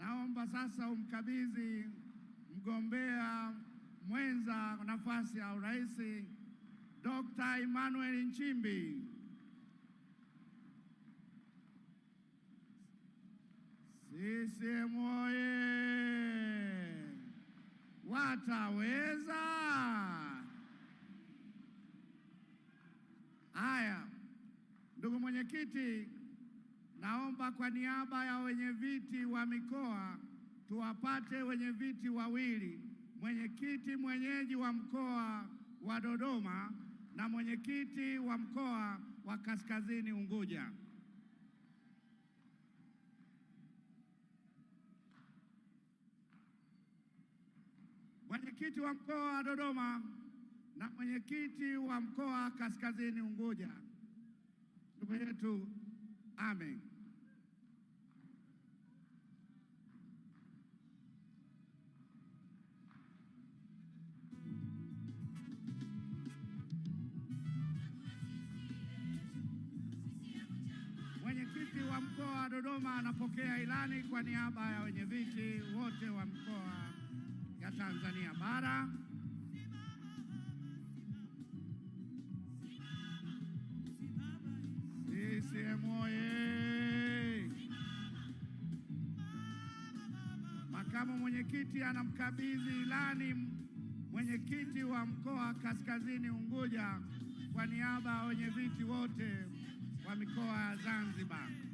Naomba sasa umkabidhi mgombea mwenza nafasi ya urais Dr. Emmanuel Nchimbi CCM oye! Wataweza! Haya, ndugu mwenyekiti Naomba kwa niaba ya wenye viti wa mikoa tuwapate wenye viti wawili, mwenyekiti mwenyeji wa mkoa wa Dodoma na mwenyekiti wa mkoa wa Kaskazini Unguja. Mwenyekiti wa mkoa wa Dodoma na mwenyekiti wa mkoa Kaskazini Unguja, ndugu yetu. Amen. Dodoma anapokea ilani kwa niaba ya wenyeviti wote wa mkoa ya Tanzania bara. CCM oye! Makamu mwenyekiti anamkabidhi ilani mwenyekiti wa mkoa Kaskazini Unguja kwa niaba ya wenyeviti wote wa mikoa ya Zanzibar.